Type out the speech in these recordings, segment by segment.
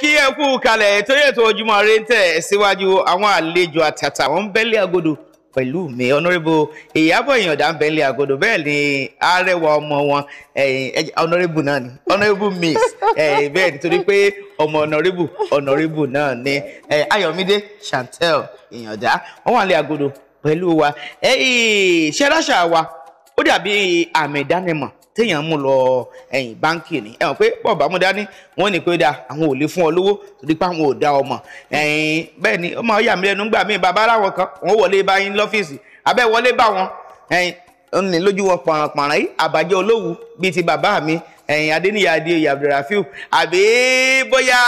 kí ẹ kú kalẹ̀ ètò ètò ojúmọ́ rẹ ń tẹ̀ síwájú àwọn àlejò àtàtà wọn ń bẹ́lẹ̀ agodo pẹ̀lú mi ọ̀nàrẹ́bù ìyábọ̀ ìyàndá ń bẹ́lẹ̀ agodo bẹ́ẹ̀ ni arẹwà ọmọ wọn ọ̀nàrẹ́bù náà ni ọ̀nàrẹ́bù miss bẹ́ẹ̀ nítorí pé ọmọ ọ̀nàrẹ́bù ọ̀nàrẹ́bù náà ni ayọ̀mídé chantel ìyàndá wọn wà lé agodo pẹ̀lú wa ṣẹ́ráṣà wa ó dàbí àmì ìdánimọ̀ téèyàn mú lọ ẹ̀yìn báńkì ni ẹ̀wọ̀n pé bọ́ọ̀ bá mú dání wọ́n ní pé ó dáa àwọn ò lè fún ọ lówó torí pé àwọn ò dá ọmọ ẹ̀yìn bẹ́ẹ̀ ni ọmọ ọ̀yà mi lẹ́nu gbà mí bàbá aláwọ̀ kan wọ́n wọlé bá yín lọ́fíìsì abẹ́ wọlé bá wọn ẹ̀yìn ní lójú wọn pàrànpàràn yìí àbájọ olówù bíi ti bàbá mi ẹ̀yìn adéníyà adéyẹ abdulrafiu àbí bóyá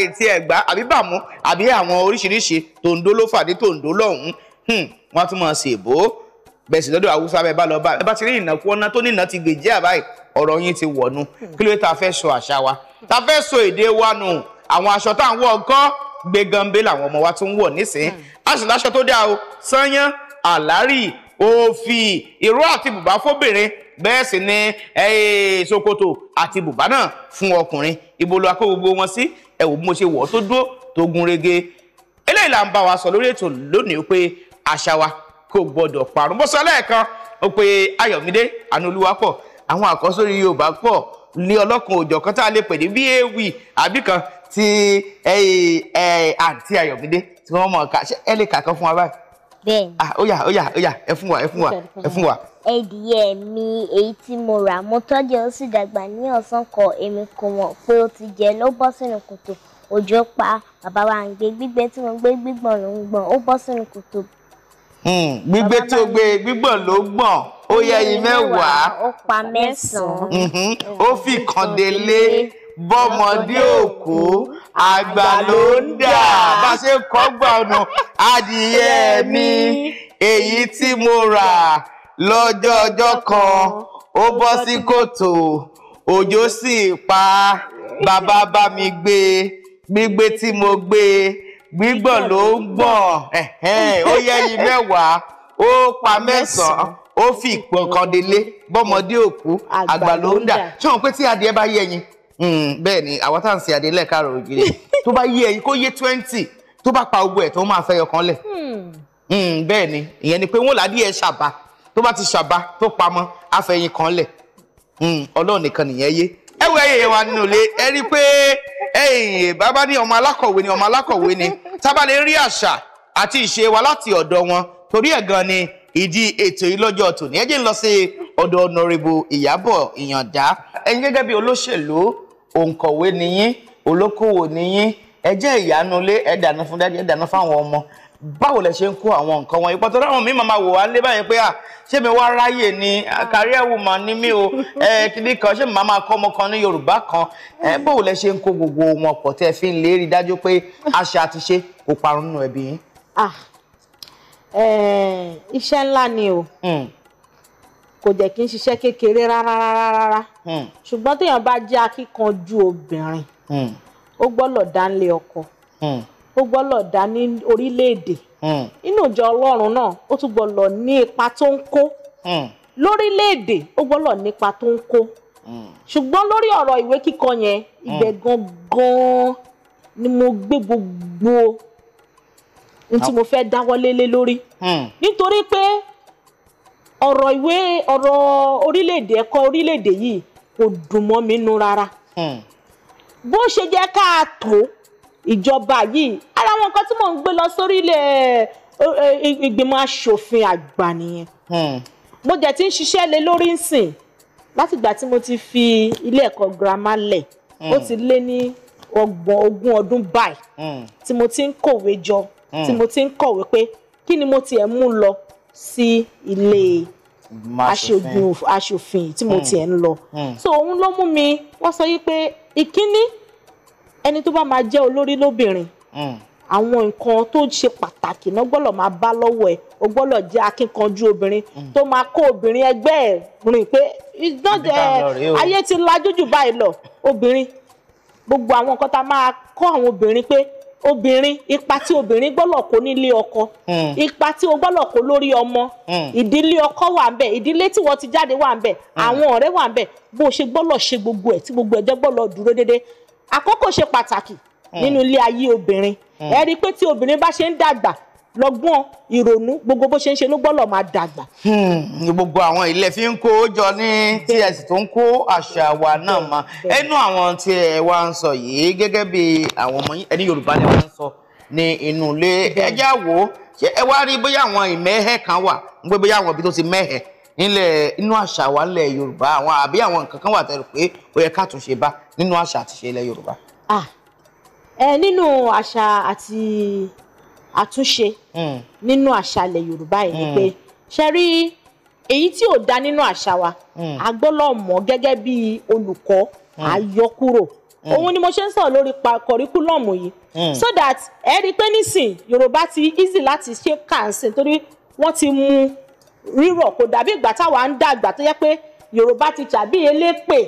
ètí ẹ̀gbá àbí bàmú àbí àwọn oríṣiríṣi tòǹdó ló fàdé tòǹdó lọ́hùn-ún hmm, wọ́n á tún máa bẹ́ẹ̀ sì lọ́dọ̀ àwùsá bẹ́ẹ̀ bá lọ bá ẹ bá ti rí ìnàkú ọ̀nà tó nínà ti gbèjì àbáyé ọ̀rọ̀ yín ti wọ̀nu kí ló dé tá fẹ́ sọ àṣà wa tá a fẹ́ sọ èdè wa nù àwọn aṣọ tá à ń wọ̀ ọkọ́ gbẹ̀gànbé làwọn ọmọ wa tún ń wọ̀ nísìn aṣọ láṣọ tó dáa o sanyán àlárì òfì ìró àti bùbá fóbìnrin bẹ́ẹ̀ sì ni ṣòkòtò àti bùbá náà fún ọkùnrin ibo ló akó gbogbo wọn sí ẹ bí mo ṣe wọ̀ tó dúró tó gún régé eléyìí là ń bá wa sọ lórí ètò lónìí pé àṣà wa kò gbọdọ̀ parun bó lẹ́ẹ̀kan ó pe Ayọ̀mídé Anúolúwapọ̀ àwọn àkọ́sórí Yorùbá pọ̀ ní ọlọ́kan òjọ̀ kan tá a lè pè ní bí ewì àbí kan ti àǹtí Ayọ̀mídé tí wọ́n mọ̀ ká ṣé ẹ lè kà fún wa báyìí. bẹ́ẹ̀ ni ah, ó yá ó yá ó yá ẹ fún wa ẹ fún wa ẹ fún wa. ẹdìyẹ mi èyí tí mo rà mo tọ́jú ó sì dàgbà ní ọ̀sán kan èmi kò mọ̀ pé ó ti jẹ ló bọ́ sínú kòtò òjò pa bàbá wa ń gbé gbígbẹ tí mo gbé gbígbọ̀n ló ń gbọ̀n ó bọ́ sínú kòtò Hmm, gbígbé tó gbé gbígbọ̀n ló gbọ̀n ó yẹ ẹyin mẹ́wàá ó pa mẹ́sàn-án mhm. ó fi kàn délé bọ́mọdé òkú àgbà ló ń dà bá ṣe kọ́ gbà ọ̀nà adìyẹ mi èyí tí mo rà lọ́jọ́ ọjọ́ kan ó bọ́ sí kòtò òjò sì pa bàbá bá mi gbé gbígbé tí mo gbé gbígbọ̀n ló ń gbọ̀n ó yẹ yín mẹ́wàá ó pa mẹ́sàn-án ó fi ìpọ̀n kan délé bọ́mọdé òkú àgbà ló ń dà ṣé wọn pé tí adìẹ bá yẹ yín hmm, bẹ́ẹ̀ ni àwọn tá à adìẹ lẹ́ẹ̀kárọ̀ ògiri tó bá yẹ yín kó yé twenty tó bá pa ogbó ẹ̀ tó máa fẹ́ yọkan lẹ̀ hmm. Hmm, bẹ́ẹ̀ ni ìyẹn ni pé wọn làdí ẹ̀ ṣàbá tó bá ti ṣàbá tó pamọ́ àfẹ̀yìn kan lẹ̀ ọlọ́run nìkan nìyẹn yé ẹ wọ ẹyẹ wa nínú ilé ẹ rí i pé ẹ̀yìn bàbá ní ọmọ alákọ̀wé ni ọmọ alákọ̀wé ni tábà lè rí àṣà àti ìṣe wa láti ọ̀dọ̀ wọn torí ẹ̀ gan ni ìdí ètò yìí lọ́jọ́ tòní ẹ jẹ́ ń lọ sí ọ̀dọ̀ ọ̀nàrẹ́bù Ìyábọ̀ Ìyàndá ẹ̀yin gẹ́gẹ́ bí olóṣèlú òǹkọ̀wé niyín olókòwò niyín ẹ jẹ́ ìyánulé fún dájú ẹ fáwọn ọmọ báwo lẹ ṣe ń kó àwọn nǹkan wọn ipò tó dáwọn mi màmá wò wá lé báyìí pé à ṣé mi wá ráyè ni ah. career woman ni mí o kìdí kan ṣé màmá kọ́ ọmọ kan ní Yorùbá kan hmm. báwo lẹ ṣe ń kó gbogbo wọn pọ̀ tẹ́ fi ń lè rí dájú pé àṣà àti ṣe kò parun nínú ẹbí yín. iṣẹ́ ńlá ni o hmm. kò jẹ́ kí n ṣiṣẹ́ kékeré rárá rárá hmm. ṣùgbọ́n téèyàn bá jẹ́ akíkanjú obìnrin ó gbọ́dọ̀ dánlé ọkọ ó gbọ́dọ̀ dá ní orílẹ̀-èdè hmm. inú ìjọ ọlọ́run náà ó tún gbọ́dọ̀ ní ipa tó ń kó hmm. lórílẹ̀-èdè ó gbọ́dọ̀ nípa tó ń kó hmm. ṣùgbọ́n lórí ọ̀rọ̀ ìwé kíkọ yẹn ibẹ̀ gangan ni mo gbé gbogbo n tí mo fẹ́ dáwọ́lé lé lórí nítorí pé ọ̀rọ̀ ìwé ọ̀rọ̀ orílẹ̀-èdè ẹ̀kọ́ orílẹ̀-èdè yìí kò dùn mọ́ mi nú rárá bó ṣe jẹ́ ká tó ìjọba yìí ara àwọn nǹkan tí mò ń gbé lọ sórí ilẹ̀ ìgbìmọ̀ asòfin àgbà nìyẹn hmm. mo dẹ̀ ti ń ṣiṣẹ́ lé lórí nsìn látìgbà tí mo ti fi ilé ẹ̀kọ́ girama lẹ̀ ó hmm. ti lé ní ọgbọ̀n ogún ọdún báyìí hmm. tí mo ti ń kọ̀wé jọ tí mo ti ń kọ̀wé pé kí ni mo tiẹ̀ mú lọ sí ilé aṣòfin tí mo tiẹ̀ ń lọ so òun ló mú mi wọ́n sọ yí pé ìkíní ẹni tó bá máa jẹ́ olórí lóbìnrin mm. àwọn nǹkan tó ń ṣe pàtàkì náà gbọ́dọ̀ máa bá lọ́wọ́ ẹ̀ o gbọ́dọ̀ jẹ́ akínkanjú obìnrin mm. tó máa kó obìnrin ẹgbẹ́ ẹ̀ rìn pé ayé ti lajú jù báyìí lọ obìnrin gbogbo àwọn nǹkan tá a máa kọ́ àwọn obìnrin pé obìnrin ipa tí obìnrin gbọ́dọ̀ kó nílé ọkọ mm. ipa tí o gbọ́dọ̀ kó lórí ọmọ ìdílé ọkọ wà ń bẹ̀ ìdílé tí wọ́n ti jáde wà ń bẹ̀ àwọn ọ̀rẹ́ wà ń bẹ̀ bó ṣe gbọ́dọ̀ ṣe gbogbo ẹ̀ tí gbogbo ẹ̀jẹ̀ gbọ́dọ̀ dúró déédéé àkókò ṣe pàtàkì mm. nínú ilé ayé obìnrin mm. ẹ rí i pé tí obìnrin bá ṣe ń dàgbà lọ́gbọ́n ìrònú gbogbo bó ṣe ń ṣe ló gbọ́dọ̀ máa dàgbà. Hmm, gbogbo àwọn ilé fi ń kó jọ ní tí ẹ sì tó ń kó àṣà wa náà mọ ẹnu àwọn tí ẹ wá ń sọ yìí gẹ́gẹ́ bí àwọn ọmọ yín ẹni Yorùbá lè wá ń sọ ní inú ilé ẹjá wo ẹ wá rí bóyá àwọn ìmẹ́hẹ́ kan wà ń gbé bóyá àwọn òbí tó ti mẹ́hẹ́ nílẹ̀ inú àṣà wa nílẹ̀ yorùbá àwọn àbí àwọn nǹkan kan wà tẹ́lẹ̀ pé ó yẹ ká tún ṣe bá nínú àṣà àti ṣe ilẹ̀ yorùbá. ẹ nínú àṣà àti àtúnṣe hmm. nínú àṣà ilẹ̀ yorùbá yìí ni hmm. pé ṣe rí èyí tí ò da nínú àṣà wa hmm. a gbọ́dọ̀ mọ̀ gẹ́gẹ́ bí olùkọ́ àyọkúrò òun ni mo ṣe ń sọ̀rọ̀ lórí kọ̀ríkúlọ̀mù yìí so that ẹ rí i pé nísìn yorùbá ti easy láti ṣe kàǹsìn torí wọ́n ti mú rírọ̀ kò dàbí ìgbà táwa ń dàgbà tó yẹ pé yorùbá ti jà hmm. bí elépè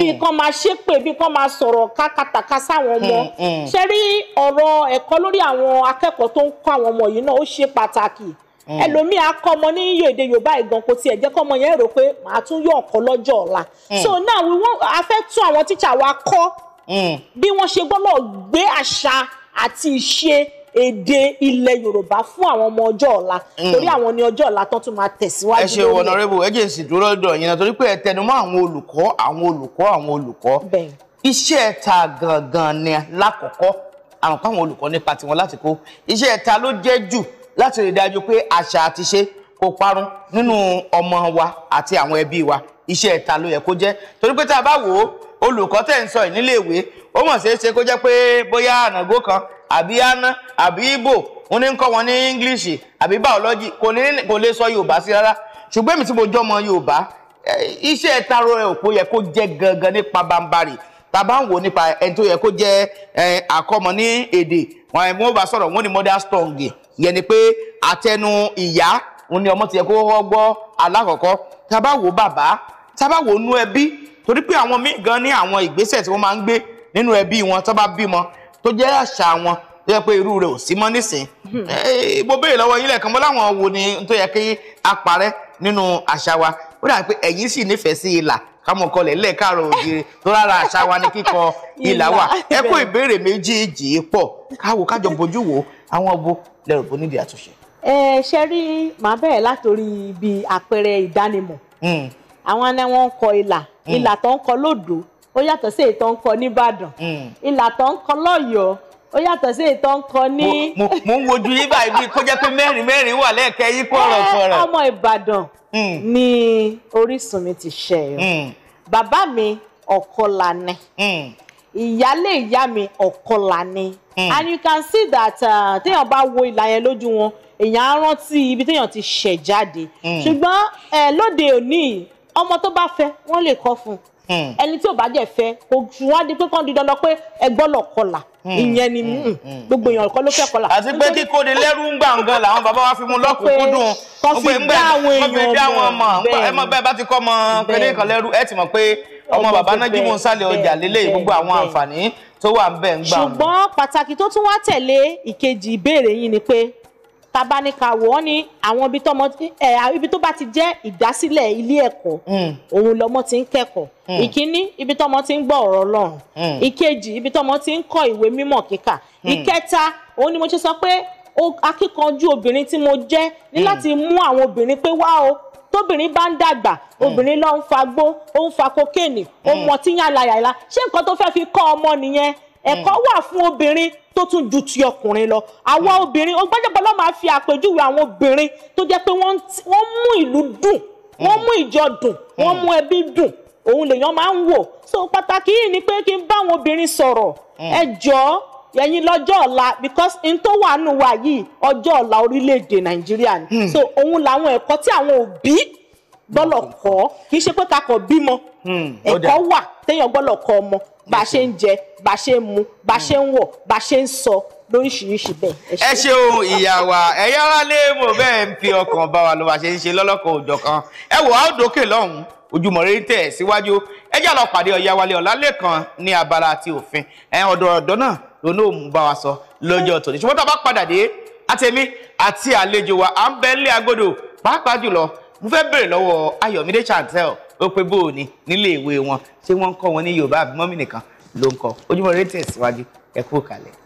bí kan máa ṣépè bí kan máa sọ̀rọ̀ kákàtàkà sáwọn ọmọ hmm, hmm. ṣe rí ọ̀rọ̀ ẹ̀kọ́ lórí àwọn akẹ́kọ̀ọ́ tó ń kọ́ àwọn ọmọ yìí náà ó ṣe pàtàkì ẹlòmíì akọmọ ní iye èdè yorùbá ìgbọ̀n kò tiẹ̀ jẹ́ kọ́mọ yẹn rò pé màá tún yọ ọ̀kọ́ lọ́jọ́ ọ̀la so now we want a fẹ́ tún àwọn tíṣà wa kọ́ bí wọ́n ṣe gbọ́dọ̀ gbé àṣà àti ìṣe èdè ilẹ̀ Yorùbá fún àwọn ọmọ ọjọ́ ọ̀la mm. torí àwọn ni ọjọ́ ọ̀la tán tún máa tẹ̀síwájú. ẹ ṣe wọnọrẹbù ẹ jẹ́ sì dúró lọ́dọ̀ yín náà torí pé ẹ tẹnumọ́ àwọn olùkọ́ àwọn olùkọ́ àwọn olùkọ́ iṣẹ́ ta gangan ni lákọ̀ọ́kọ́ àwọn káwọn olùkọ́ nípa tiwọn láti kó iṣẹ́ ta ló jẹ́ jù láti rí dájú pé àṣà àti ṣe kò parun nínú ọmọ wa àti àwọn ẹbí wa iṣẹ́ ta ló yẹ kó jẹ́ torí pé tá a bá wò ó olùkọ́ tẹ̀ ń sọ yìí níléèwé ó mọ̀ ṣeé ṣe kó jẹ́ pé bóyá ànàgó kan àbí àná àbí Ìgbò wọn ní ń kọ́ wọn ní English àbí biology kò lè sọ Yorùbá sí rárá ṣùgbọ́n èmi tí mo jọ́ ọmọ Yorùbá iṣẹ́ taro ẹ̀ òpó yẹ kó jẹ́ gangan nípa bambari tàbá ń wò nípa ẹni tó yẹ kó jẹ́ àkọ́mọ ní èdè wọn ẹ̀ wọ́n bá sọ̀rọ̀ wọ́n ní mother strong yẹn ni pé àtẹnu ìyá òun ni ọmọ ti yẹ kó kọ́kọ́ gbọ́ alákọ̀ọ́kọ́ tàbá wò bàbá tàbá wò nú ẹbí torí pé àwọn míì gan ní àwọn ìgbésẹ̀ tí wọ́n máa ń gbé nínú ẹbí wọn tó bá bímọ tó jẹ́ àṣà wọn tó yẹ pé irú rẹ̀ ò sí mọ́ nísìn hmm. eh, mo béèrè lọ́wọ́ yín lẹ́ẹ̀kan mọ́ láwọn wo ni tó yẹ kí a parẹ́ nínú àṣà wa ó dà pé ẹ̀yin sì nífẹ̀ẹ́ sí ìlà kámọ kọlẹ̀ lẹ́ẹ̀kárọ̀ òjìrì tó rárá àṣà wa ni kíkọ ìlà wà ẹ kó ìbéèrè méjèèjì pọ̀ káwo kájọ bojú wo àwọn ọbọ lẹ́rù bó nídìí àtúnṣe. ẹ ṣe rí màá bẹ̀rẹ̀ látòrí ibi àpẹẹrẹ ìdánimọ̀ hmm. àwọn ni wọ́n kọ ìlà hmm. ìlà tó ń kọ lódò ó yàtọ̀ sí èyí tó ń kọ nìbàdàn mm. ìlà tó ń kọ lọ́yọ̀ọ́ ó yàtọ̀ sí èyí tó ń kọ ní. mo ń wojú yín báyìí bí kó jẹ́ pé mẹ́rin mẹ́rin wà lẹ́ẹ̀kẹ́ yín kọ̀rọ̀ kọ̀rọ̀. ọmọ ìbàdàn mm. ni orísun mi ti ṣe yọ mm. bàbá mi ọ̀kọ́lani ìyálé ìyá mi ọ̀kọ́lani and you can see that uh, téèyàn bá wo ìlà yẹn lójú wọn èèyàn á rántí ibi téèyàn ti ṣẹ̀ jáde ṣùgbọ́n lóde òní ọmọ tó bá fẹ́ wọ́n lè kọ́ fún un Hmm. ẹni tí ò bá jẹ fẹ́ kò wá di pé kán di dandan pé ẹ gbọ́dọ̀ kọlà hmm. ìyẹn ni hmm. gbogbo èèyàn kọ́ ló fẹ́ kọlà. àti pé kíkó ni lẹ́rú ń gbàǹgan làwọn bàbá wa fi mu lọ́kùnkúndùn ó pé ń bẹ́ẹ̀ dá àwọn ọmọ ẹ mọ bẹ́ẹ̀ bá ti kọ́ ọmọ pẹ̀lú kan lẹ́rú ẹ ti mọ̀ pé ọmọ bàbá nájímù sálẹ̀ ọjà lélẹ̀ gbogbo àwọn àǹfààní tó wà ń bẹ̀ ń gbà. ṣùgbọ́n pàtàkì tó tún wá tẹ̀lé ìkejì ìbéèrè yìí ni pé tàbá ní ká wọ́ ní àwọn ibi tó ẹ ibi tó bá ti jẹ́ ìdásílẹ̀ ilé ẹ̀kọ́ mm. òun lọ́mọ ti ń kẹ́kọ̀ọ́ mm. ìkíní ibi tọ́mọ ti ń gbọ́ ọ̀rọ̀ Ọlọ́run mm. ìkejì ibi tọ́mọ ti ń kọ́ ìwé mímọ̀ kíkà ìkẹta òun ni mo ṣe sọ pé akíkanjú obìnrin tí mo jẹ́ ní láti mú àwọn obìnrin pé wá o tóbìnrin bá ń dàgbà obìnrin ló ń fagbó ó ń fa kokéènì ó mọtí yànláyàlá ṣé nǹkan tó fẹ́ fi kọ́ ọmọ nìyẹn ẹ̀kọ́ wà fún obìnrin tó tún ju ti ọkùnrin lọ àwa hmm. obìnrin ọgbẹ́jọba ló máa fi àpèjúwe àwọn obìnrin tó jẹ́ pé wọ́n mú ìlú dùn wọ́n hmm. mú ìjọ dùn wọ́n hmm. mú ẹbí dùn òun lèèyàn máa ń wò so pàtàkì yìí ni pé kí n bá àwọn obìnrin sọ̀rọ̀ ẹ jọ̀ọ́ ẹ̀yin lọ́jọ́ ọ̀la because n tó wà nù wa yìí ọjọ́ ọ̀la orílẹ̀-èdè nàìjíríà ni so òun làwọn ẹ̀kọ́ tí àwọn òbí gbọ́lọ̀ kọ́ kì í ṣe pé kakọ̀ bímọ ẹ̀kọ́ wà téèyàn gbọ́lọ̀ kọ́ ọmọ bá a ṣe ń jẹ bá a ṣe ń mu bá a ṣe ń wọ̀ bá a ṣe ń sọ lóríṣiríṣi bẹ́ẹ̀. ẹ ṣeun ìyá wa ẹ̀yà ara lè ń fi ọkàn bá wa ló bá ṣe ń ṣe lọ́lọ́kan òjọ̀ kan ẹ wò á dókè lọ́hùn-ún Ojúmọ́ Ire tẹ̀ síwájú ẹ jà lọ pàdé Ọ̀yáwálé Ọlálékan ní abala ti òfin ẹ ọ̀dọ̀ ọ̀dọ́ náà lónà òun bá wa sọ lọ́jọ́ tòní ṣùgbọ́n tá a bá padà dé àtẹ̀mí àti àlejò wa à ń bẹ nílé agbódò pàápàá jùlọ mo fẹ́ bèrè lọ́wọ́ Ayọ̀mídé Chantel ó pé bó o ní nílé ìwé wọn ṣé wọ́n ń kọ́ wọn ní Yorùbá àbí mọ́mì nìkan ló ń kọ́ Ojúmọ́ Ire tẹ̀síwájú ẹ kú kalẹ̀.